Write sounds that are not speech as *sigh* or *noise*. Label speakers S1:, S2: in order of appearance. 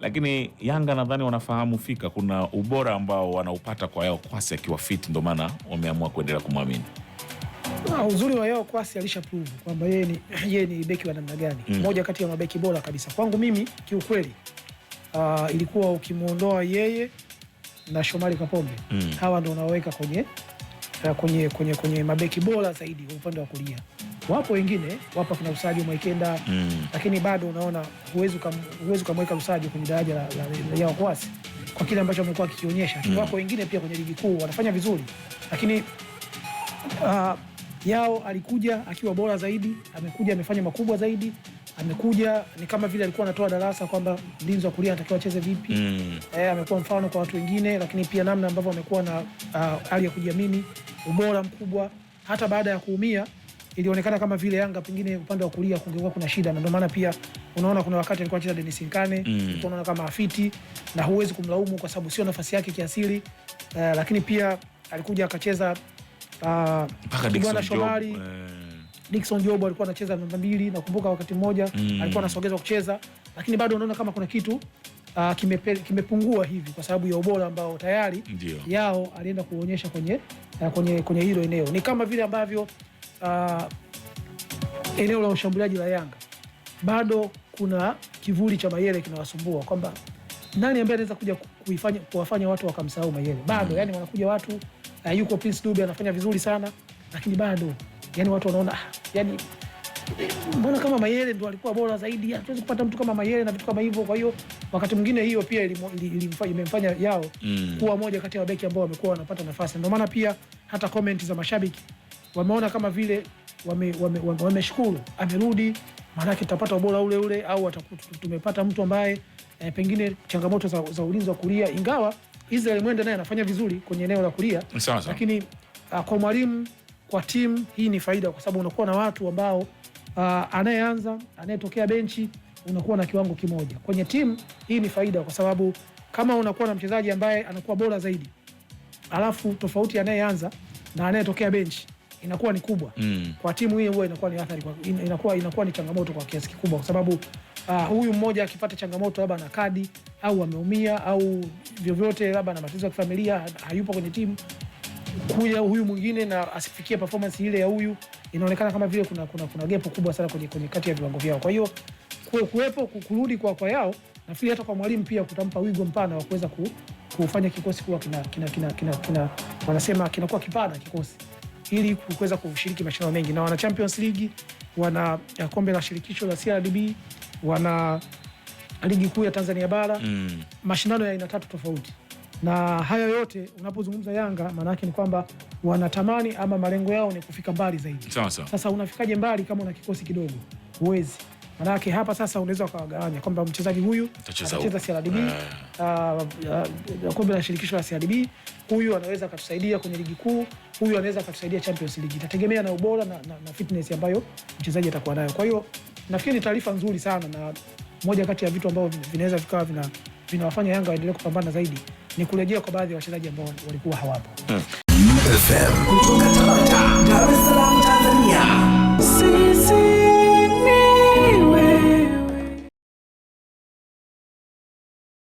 S1: Lakini Yanga nadhani wanafahamu fika kuna ubora ambao wanaupata kwa Yao Kwasi akiwa fit, ndo maana wameamua kuendelea kumwamini.
S2: Ah, uzuri wa Yao Kwasi alisha prove kwamba yeye ni, *clears throat* yeye ni beki wa namna gani, mmoja mm. kati ya mabeki bora kabisa kwangu mimi kiukweli. Uh, ilikuwa ukimwondoa yeye na Shomari Kapombe mm. hawa ndio unaweka kwenye, eh, kwenye, kwenye, kwenye mabeki bora zaidi upande wa kulia. Wapo wengine wapo kuna Lusajo Mwekenda mm. lakini bado unaona huwezi ukamweka Lusajo kwenye daraja la, la, la wakwasi kwa kile ambacho amekuwa akikionyesha mm. wapo wengine pia kwenye ligi kuu wanafanya vizuri, lakini uh, Yao alikuja akiwa bora zaidi, amekuja amefanya makubwa zaidi, amekuja ni kama vile alikuwa anatoa darasa kwamba mlinzi wa kulia anatakiwa acheze vipi mm. E, amekuwa mfano kwa watu wengine, lakini pia namna ambavyo amekuwa na ah, hali uh, ya kujiamini, ubora mkubwa hata baada ya kuumia ilionekana kama vile Yanga pengine upande wa kulia kungekuwa kuna shida, na ndio maana pia unaona kuna wakati alikuwa anacheza Dennis Nkane mm. unaona kama afiti na huwezi kumlaumu kwa sababu sio nafasi yake kiasili. Uh, lakini pia alikuja akacheza uh, Shomari Job. Eh. Dickson Job alikuwa anacheza namba mbili, nakumbuka wakati mmoja mm. alikuwa anasogezwa kucheza, lakini bado unaona kama kuna kitu Uh, kimepungua kime hivi kwa sababu ya ubora ambao tayari Ndiyo. yao alienda kuonyesha kwenye, uh, kwenye, kwenye hilo eneo. Ni kama vile ambavyo uh, eneo la ushambuliaji la Yanga bado kuna kivuli cha Mayele kinawasumbua kwamba nani ambaye anaweza kuja kuifanya kuwafanya watu wakamsahau Mayele bado mm. Yani wanakuja watu uh, yuko Prince Dube anafanya vizuri sana lakini bado yani watu wanaona ah, yani mbona kama Mayele ndo alikuwa bora zaidi, hatuwezi kupata mtu kama Mayele na vitu kama hivyo. Kwa hiyo wakati mwingine hiyo pia imemfanya yao mm. kuwa moja kati ya wabeki ambao wamekuwa wanapata nafasi. Ndio maana pia hata komenti za mashabiki wameona kama vile wameshukuru, wame, wame, wame amerudi, maanake tutapata ubora ule ule, au tumepata mtu ambaye eh, pengine changamoto za, za ulinzi wa kulia, ingawa Israel Mwende naye anafanya vizuri kwenye eneo la kulia Sao, lakini uh, kwa mwalimu kwa timu hii ni faida, kwa sababu unakuwa na watu ambao uh, anayeanza anayetokea benchi unakuwa na kiwango kimoja kwenye timu. Hii ni faida, kwa sababu kama unakuwa na mchezaji ambaye anakuwa bora zaidi, alafu tofauti anayeanza na anayetokea benchi inakuwa ni kubwa mm. Kwa timu hiyo huwa inakuwa ni athari kwa, inakuwa, inakuwa ni changamoto kwa kiasi kikubwa, kwa sababu uh, huyu mmoja akipata changamoto labda na kadi au ameumia au vyovyote labda na matatizo ya kifamilia hayupo kwenye timu, kuja huyu mwingine na asifikie performance ile ya huyu, inaonekana kama vile kuna, kuna, kuna gepo kubwa sana kwenye, kwenye kati ya viwango vyao. Kwa hiyo kuwepo kurudi kwa kwa yao nafikiri hata kwa mwalimu pia kutampa wigo mpana wa kuweza kufanya kikosi kuwa kina, kina, kina, kina, kina, wanasema kinakuwa kipana kikosi ili kuweza kushiriki mashindano mengi, na wana Champions League, wana eh, kombe la shirikisho la CRDB, wana ligi kuu ya Tanzania bara mm. mashindano ya aina tatu tofauti na hayo yote unapozungumza Yanga maana yake ni kwamba wanatamani ama malengo yao ni kufika mbali zaidi. Sasa unafikaje mbali kama una kikosi kidogo? Huwezi. Manake hapa sasa unaweza ukawagawanya kwamba mchezaji huyu anacheza CRDB, eh. ah, ah, kombe la shirikisho la CRDB, huyu anaweza akatusaidia kwenye ligi kuu, huyu anaweza akatusaidia Champions League. Itategemea na ubora na, na, na fitness ambayo mchezaji atakuwa nayo. Kwa hiyo nafikiri ni taarifa nzuri sana, na moja kati ya vitu ambavyo vinaweza vikawa vina, vinawafanya Yanga waendelee kupambana zaidi ni kurejea kwa baadhi ya wachezaji ambao walikuwa hawapo. Hmm. FM kutoka Tabata, Dar es Salaam, Tanzania.